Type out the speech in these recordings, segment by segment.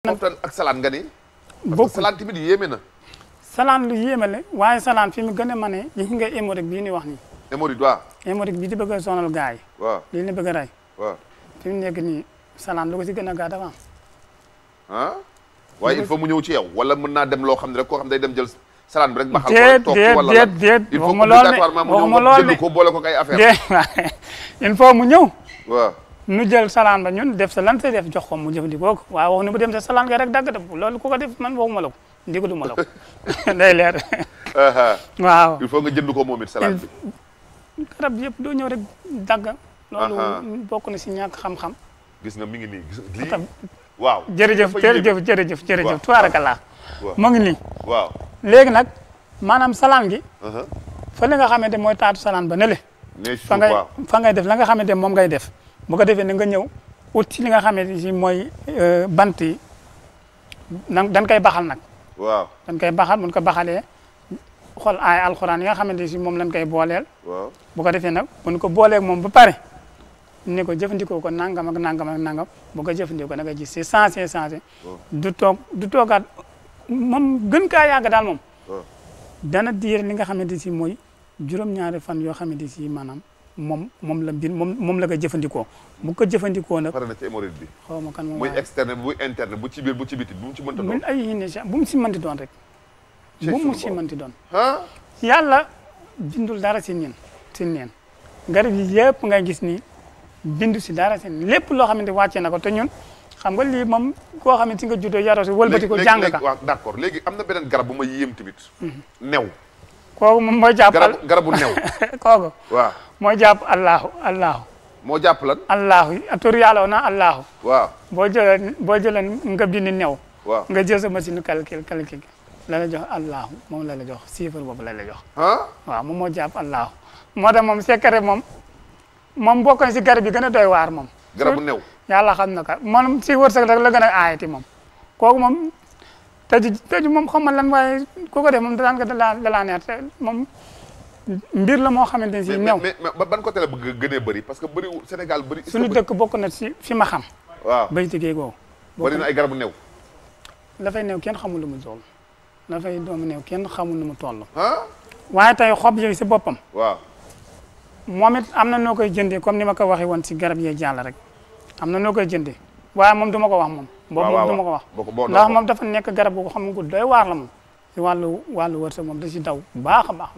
moom ak salaan nga ni. bokkul salaan tamit yéeme na. salaan lu yéeme la waaye salaan fi mu gën yi nga hémorroïde bii ni wax nii. hémorroïde bii di bëgg a sonal gars yi. waaw lii nekk nii salaan lu ko si gën a gaa ah? waaye il mu ñëw ci yow wala mun naa dem loo xam ne rek ko xam day dem jël. salaan bi rek baxal ko toog ci wala mu ñëw. nu jël salaan ba ñun def sa lan sa def jox ko mu jëfandikoo ko waaw wax ne bu dem sa salaan ga rek dagg def loolu ko ko def man waxuma la ko du ma la ko leer. waaw il faut nga ko moom bi. garab yëpp doo ñëw rek dagg. bokk na si ñàkk xam gis nga mi ngi nii gis lii waaw jërëjëf jërëjëf jërëjëf jërëjëf tubaarakallah mu ngi nii waaw léegi nag maanaam salaan gi fa li nga xamante mooy taatu salaan ba ne le fa ngay def la nga xamante moom ngay def bu ko defee na nga ñëw ut ci li nga xamante ni mooy euh, bant yi nan dañ koy baxal nag. waaw dañ koy baxal mun ko baxalee xool ay alxuraan yi nga xamante ni moom lañ koy booleel. waaw bu ko defee nag mun ko booleeg moom ba pare ne ko jëfandikoo ko nangam ak nangam ak nangam bu ko jëfandikoo da nga gis c'est sensé sensé. du toog du toogaat moom gën kaa yàgg daal moom. dana diir li nga xamante ni mooy juróom-ñaari fan yoo xamante ni maanaam. moom moom la bind moom moom la ko jëfandikoo bu ko jëfandikoo na ci hémorroïde bi. xaw ma kan moom muy externe bu interne bu ci biir bu ci biti bu mu ci mënta doon. ay incha bu mu si mënti doon rek. bu mu si doon. yàlla bindul dara si ñun si neen garab yi yëpp ngay gis ni bindu si dara si lépp loo xamante wàccee na ko te ñun. xam nga lii moom koo xamante nga juddoo yaroo si wëlbati ko jàng ka d'accord léegi am na beneen garab bu ma yéem tamit. Mhm. new kooku moom moo jàpp garabu garabu new kooku waaw moo jàpp allahu allahu moo jàpp lan allahu tur yàlla na allahu waaw boo jëlee boo jëlee nga bindi new waaw nga jël sa machine calcul calcul la la allahu moom la la jox chiffre boobu la la jox waaw moom moo jàpp allahu moo tax moom secret moom moom bokkoon si garab yi gën a waar moom garabu new yàlla xam na ko moom si wërsëg rek la gën a aayati moom kooku moom tëj tëj moom xam ma lam waaye ku ko def moom danaan ko dalaa dalaa neex te moom mbir la moo xamante ne si néew ban côté la bëgg gënee bëri parce que bëri Sénégal bëri suñu dëkk bokk na si fi ma xam waaw béyti géey googu bëri ay garabu néew dafay néew kenn xamul lu mu toll dafay doomu new kenn xamul lu mu toll waaye tey xob yooyu si boppam waaw moom am na noo koy jëndee comme ni ma ko waxee woon si garab yee jàll rek am na noo koy jëndee waaye moom du ma ko wax moom. boobu moom ma ko wax. ndax moom dafa nekk garab bu ko xam nga doy waar la moom. ci wàllu wàllu wërsëg moom da ci daw baax a baax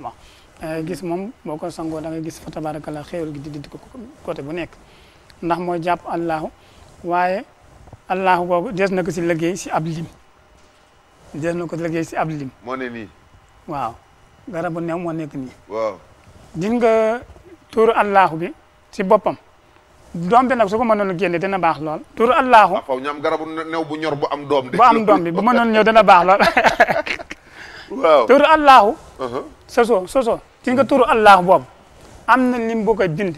a eh, gis moom boo ko sangoo da ngay gis fa tabaarakalla xéewal gi di di ko côté bu nekk ndax mooy jàpp allahu waaye allahu boobu des na ko si liggéey si ab lim des na ko liggéey si ab lim. moo ne nii. waaw garabu new moo nekk nii. waaw. gis nga tuuru allahu bi si boppam. doom bi nag su ko mënoon génne dina baax lool turu allahu ah, faw ñu garabu new bu ñor bu am bu am doom bi bu mënoon ñëw dina baax lool waaw turu allahu uh-huh. soso soso ci nga turu allahu boobu am na lim bu ko bind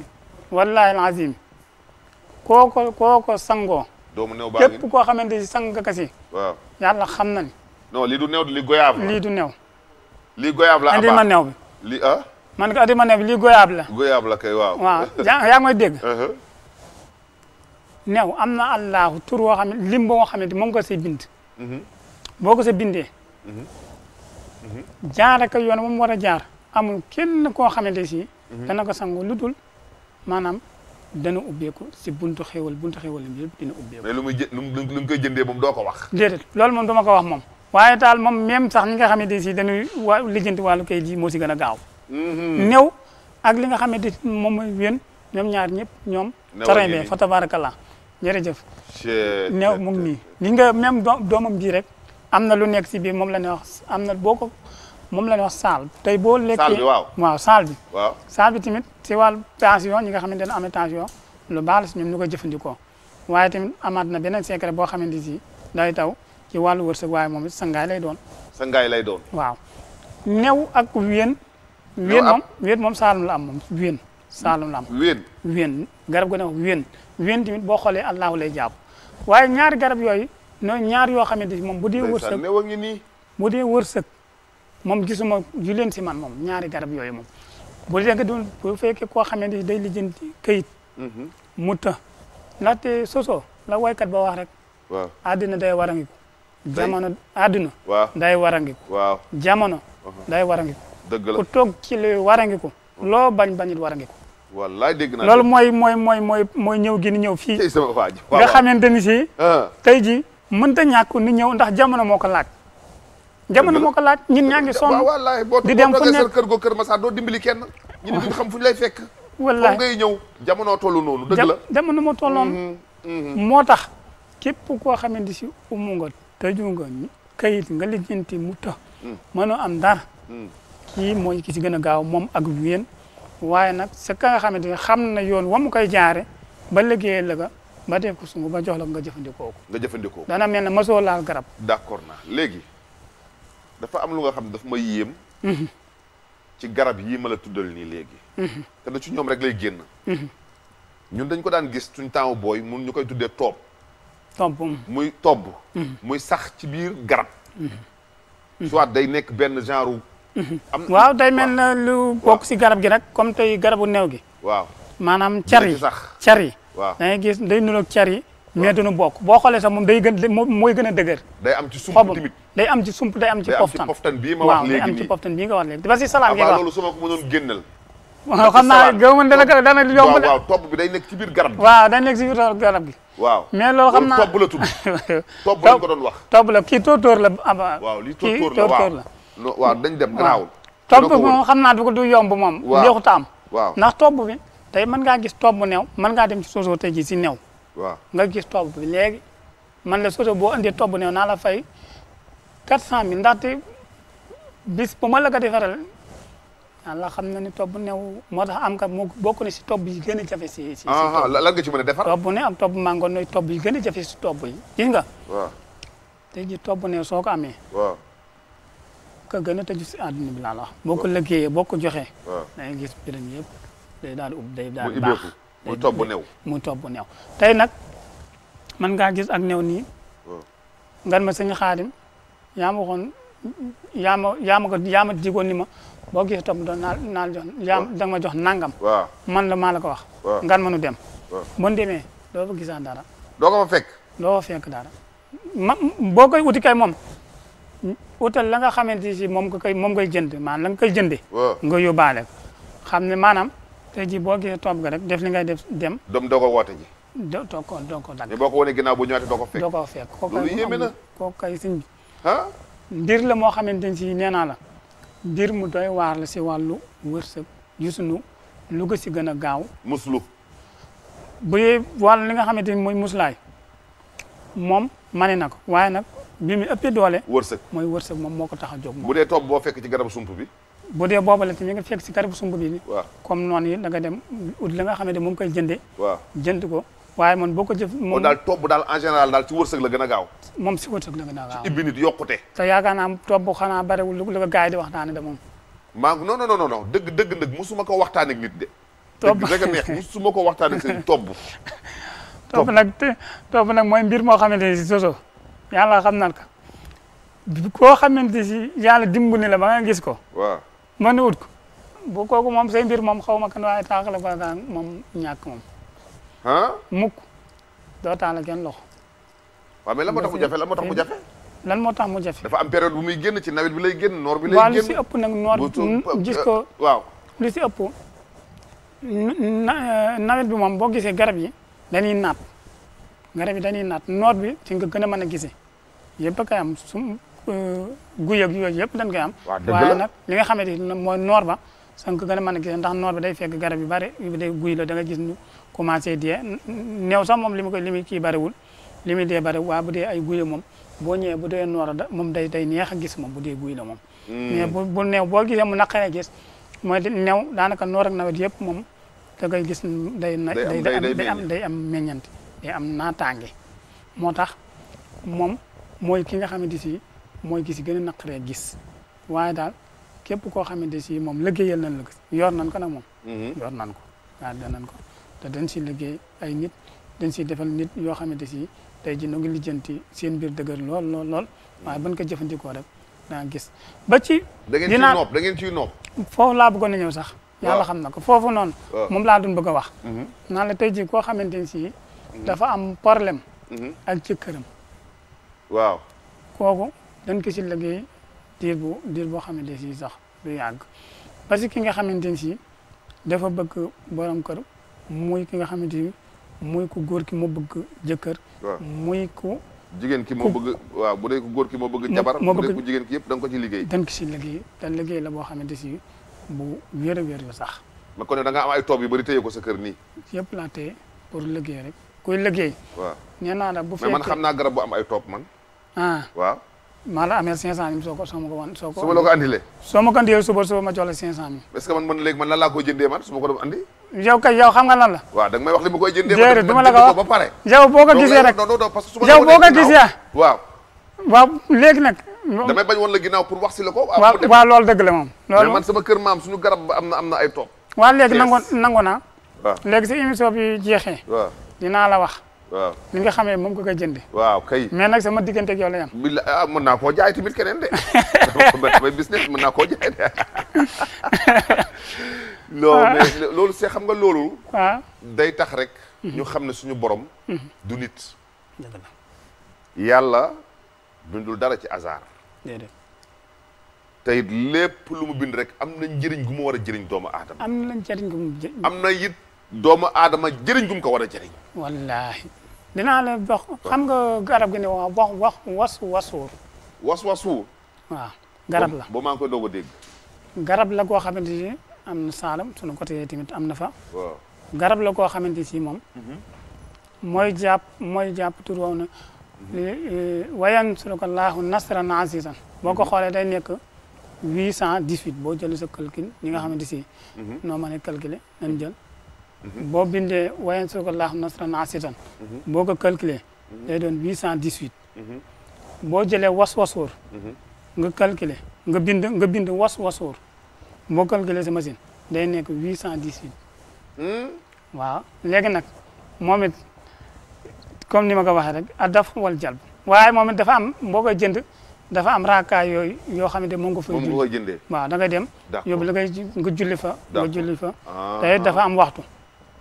wallahi alazim kooko kooko sangoo doomu new baa ngi képp koo xamante si sang ka si waaw yàlla xam na ni non lii du new lii goyaab la lii du new lii goyaab ah? ma new new am na allahu tur woo xam ne lim boo xamante moom nga say bind. Mhm. boo ko se bindee. Mhm. Mhm. jaara ko yoon moom war a jaar amul kenn koo xamante si. dana ko sangu lu dul maanaam dana ubbeeku si buntu xéwal buntu xéwal yëpp dina ubbeeku. mais lu lu mu lu mu koy jëndee moom doo ko wax. déedéet moom dama ko wax moom. waaye daal moom même sax ñi nga xamante si dana wa lijjanti wàllu kayit yi moo si gën a gaaw. néew ak li nga xamante moom mooy wén ñoom ñaar ñëpp ñoom. terrain bi fa tabarakallah jërëjëf. neew mu nii li nga même doomam bii rek am na lu nekk si biir moom la ñuy wax am na boo ko moom la wax saal tey boo lekkee waaw waaw saal bi saal bi tamit si wàllu tension ñi nga xamante ne am na tension lu baax la si ñoom ñu ko jëfandikoo waaye tamit amaat na beneen secret boo xamante si day taw ci wàllu wërsëg waaye moom it sangaay lay doon sangaay lay doon waaw new ak wéen wéen moom wéen moom saalum la am moom wéen saalum la am wéen wéen garab gu ne wenn tamit boo xoolee allahu lay jaabu waaye ñaari garab yooyu nooy ñaar yoo xamante ni moom bu dee wërsëg bu dee wërsëg moom gisuma ju leen si man moom ñaari garab yooyu moom bu dee nga doon bu fekkee koo xamante ni day lijjanti kayit mhm. mu të ndaxte soso la waykat ba wax rek àddina day warangiku jamono àdduna day warangiku waaw jamono uh-huh. day warangiku dëgg la ku toog ci lu warangiku uh-huh. loo bañ bañit warangiku wallaay dégg naa loolu mooy mooy mooy mooy ñëw gi ni ñëw fii nga xamante ni si ah. tey ji mënta ñàkk ni ñëw ndax jamono moo ko laaj jamono moo ko laaj ñin ñaa ngi sonn di dem fu nekk kër go kër Massa doo dimbali kenn ñun duñ oh. xam fu ñu lay fekk wallaay ngay ñëw jamono tollu noonu dëgg la jamono moo tolloon mm-hmm, mm-hmm. moo tax képp koo xamante si umu nga tëju nga kayit nga lijjanti mu të mm. mënoo am dara mm. kii mooy ki si gën a gaaw moom ak wéen waaye nag sa ka nga xamante ne xam na yoon wa mu koy jaare ba liggéeyee la ga ba def ko sungu ba jox la nga jëfandikoo ko. nga jëfandikoo dana mel ne mosoo laal garab. d'accord naa léegi dafa am lu nga xam ne daf ma yéem. Mhm. ci garab yii ma la tuddal nii léegi. Mhm. te du ci ñoom rek lay génn. Mhm. ñun dañ ko daan gis suñ taamu booy mun ñu koy tuddee toob. tobb muy tobb. muy sax ci biir garab. soit day nekk benn genre. waaw day mel na lu bok si garab gi rek comme tey garabu néew gi. waaw maanaam car yi car yi. waaw da ngay gis day nuroog car yi. mais duñu bokk boo xoolee sax moom day gën moom mooy gën a dëgër. day am ci sump tamit day am ci sump day am ci poftan. bii ma wax léegi nii waaw day am ci poftan nga wax léegi te ba si salaam. ngeen wax loolu su ma ko mënoon génnal. waaw dana dana yomb bi day nekk ci biir garab gi. waaw day nekk ci biir garab gi. waaw naa topp la tudd. topp lañ ko doon wax. topp la la. waaw lii tóortóor la waaw kii la. non waaw dem garaawul. topp bi moom xam naa du ko du yomb moom. waaw joxuta am. waaw ndax topp bi tey mën ngaa gis topp bu new man ngaa dem ci soso tey ji si new. waaw nga gis topp bi léegi man la soso boo indee topp bu naa la fay quatre cent mille ndaxte bis bu ma la ko defaral yàlla xam na ni topp bu new moo tax am ka moo bokk na si topp yi gën a jafe si. si ah, lan nga ci mën a topp bu new ak topp mango nooy topp yi gën a jafe si topp yi gis nga. waaw tey topp new soo ko amee. ka gën a tëju si àdduna bi laa la wax. boo ko lëggee boo ko joxee. waaw da ngay gis mbiram yëpp day daal di ub day daal di baax muy topp bu new muy bu new tey nag man ngaa gis ak new nii. ngan ma sëñ xaarim yaa ma waxoon yaa ma yaa ko yaa ma digoon ni ma boo gis topp doon naa naa jox jox nangam. man la maa la ko wax. ngan ma nu dem. waaw bon demee doo fa gisaan dara. doo fa fekk. doo fa fekk dara ma koy uti kay moom. utal la nga xamante si moom nga kay moom ngay jënd maa la nga koy jëndee. nga yóbbaale ko xam ne maanaam tey jii boo gisee topp ga rek def li ngay def dem. doom doo ko woote ji. doo doo ko doo ko dagg. mais boo ko wane ginnaaw bu ko fekk. ko fekk loolu yéeme na kay sëñ bi. ah. mbir la moo xamante ne si nee naa la mbir mu doy waar la si wallu wërsëg gisuñu lu ko si gën a gaaw. muslu. bu dee wàllu li nga xamante ni mooy muslaay moom mane na ko waaye nag bi mu ëppee doole wërsëg mooy wërsëg moom moo ko tax a jóg moom bu dee topp boo fekk ci garabu sump bi bu dee boobu la te ñu nga fekk si garabu sump bi ni yi da nga ut la nga xam ne de moom koy jëndee waaw jënd ko waaye man boo ko jëf moom daal topp daal en général daal ci wërsëg la gën a gaaw moom si wërsëg la gën a gaaw ci ibbi nit yokkute te yaakaar naa topp xanaa bariwul lu ko gars yi di waxtaane de moom maa non non non dëgg dëgg nag ma ko waxtaan ak nit de topp dëgg neex musuma ko waxtaan ak seen topp topp nag topp nag mooy mbir moo xamante ni si soso yàlla xam nan ka koo xamante si yàlla dimbali la ba nga gis ko. waaw mën wut ko. bu kooku moom say mbir moom xaw ma kan waaye taaxal ba daan moom ñàkk moom. ah. mukk doo taal kenn loxo. waaw mais lan moo tax mu jafe lan moo tax mu jafe. lan moo tax mu jafe. dafa am période bu muy génn ci nawet bi lay génn noor bi. lay génn uh, waaw lu si ëpp nag noor gis ko waaw lu si ëpp. nawet bi moom boo gisee garab yi dañuy naat. garab yi dañuy naat noor bi ci nga gën a mën a gisee yëpp a koy am su euh, guy ak yooyu yëpp dañ koy am. waaye nag li nga xamante ne mooy noor ba sa nga gën a mën a gisee ndax noor ba day fekk garab yu bari day guy la da nga gis ñu commencé dee néew sax moom li mu koy li muy kii bariwul li muy dee bariwul waaye bu dee ay guy la moom boo ñëwee bu dee noor da moom day day neex gis moom bu dee guy la moom. Hmm. mais bu bu néew boo gisee mu naqaree gis mooy néew daanaka noor ak nawet yëpp moom da ngay gis day. day am day am day am meññante. day am naataange moo tax moom mooy ki nga xamante si mooy gis si gën a naqaree gis waaye daal képp koo xamante si moom liggéeyal nañ la gis yor nañ ko nag moom. Mm-hmm. yor nañ ko waaw danañ ko te dañ si liggéey ay nit dañ si defal nit yoo xamante si tey ji nu ngi ti seen biir dëgër lool lool lool waaye ban ko jëfandikoo rek daa gis ba ci. da ngeen ciy nopp da laa bëggoon a ñëw sax. yàlla xam na ko foofu noonu. moom laa doon bëgg a wax. Mm-hmm. naan la tey jii koo xamante si dafa am problème. Mhm. ak jëkkëram. waaw. kooku dañ ko si liggéey diir bu diir boo xamante si sax du yàgg parce que ki nga xamante ne si dafa bëgg borom kër muy ki nga xamante ni muy ku góor ki mu bëgg jëkkër. muy ku. jigéen ki moo bëgg waaw bu dee ku góor ki moo bëgg jabar moo bëgg bu dee jigéen ki yëpp da nga ko ci liggéey. dañ ko si liggéey te liggéey la boo xamante si bu wér a wér sax. mais kon da nga am ay toob yu bëri téye ko sa kër nii. yëpp laa téye pour liggéey rek. ku liggéey. waaw nee naa bu fekkee man xam naa garab bu am ay topp man. Ah. maa la ameel 500000 soo soo ma ko wan soo ko. su ma la ko andilee. soo ma ko ma jox la 500000. est-ce que man koy jëndee man su ma ko doon andi. nga lan la. da may wax li ko wax ba pare. yow boo ko ma la ko gisee ginaaw waaw. waaw léegi nag. damay bañ woon la ginaaw pour wax si la ko. waaw waaw loolu dëgg la moom. loolu man am na am na ay toog. waaw léegi nangoon naa. waaw si émission bi jeexee. waaw dinaa la wax. waaw li nga xamee moom nga koy jënd. waaw kay. mais nag sama diggante ak yow la yam. Ah, naa koo jaay tamit keneen de. damay business mën naa koo jaay de. Ah. loolu see xam nga loolu. Ah. day tax rek. ñu mm-hmm. xam ne suñu borom. Mm-hmm. du nit. yàlla bindul dara ci hasard. te tey lépp lu mu bind rek am na njëriñ gu mu war a jëriñ doomu aadama. am na njëriñ am na it. doomu aadama jëriñ gum ko war a jëriñ. wallaahi la dox xam nga garab gi ne wax wax was wasuur. was wasuur. waaw garab la ba maa ngi garab la goo xamante ni am na saalam sunu côté tamit am na fa. garab la goo xamante si moom. Mhm. mooy jàpp mooy jàpp tur wow na. Mhm. wayan sunu ko laahu nasran azizan boo ko mhm. xoolee day nekk. huit cent dix huit boo jëlee sa calcul ñi nga xamante si. noo mën a calculer jël. Mhm. boo bindee wayansurkallaahu nasran asitan mhm. boo ko calculer mhm. day doon huit cent dix huit boo jëlee was wasuur nga calculer nga bind nga bind was wasuur boo calculer sa machine day nekk huit cent dix huit hmm? waaw léegi nag moom it comme ni ma ko waxee rek a daf wal waaye moom it dafa am boo koy jënd dafa am raakaay yooyu yoo xamante moom nga fay julli waaw da ngay dem yóbbu la ngay nga julli fa nga julli fa ah. dafa am waxtu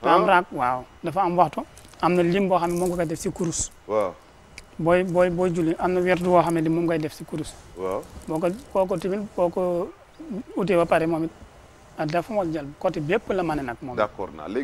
dafa am ah. waaw dafa am waxtu am na lim boo xam ne moom nga koy def si kurus. waaw booy booy booy julli am na werdu boo xam ne moom ngay def si kurus. waaw boo ko ko tamit boo ko utee ba pare moom it dafa mos jël côté bépp la mën a nag moom. d'accord naa léegi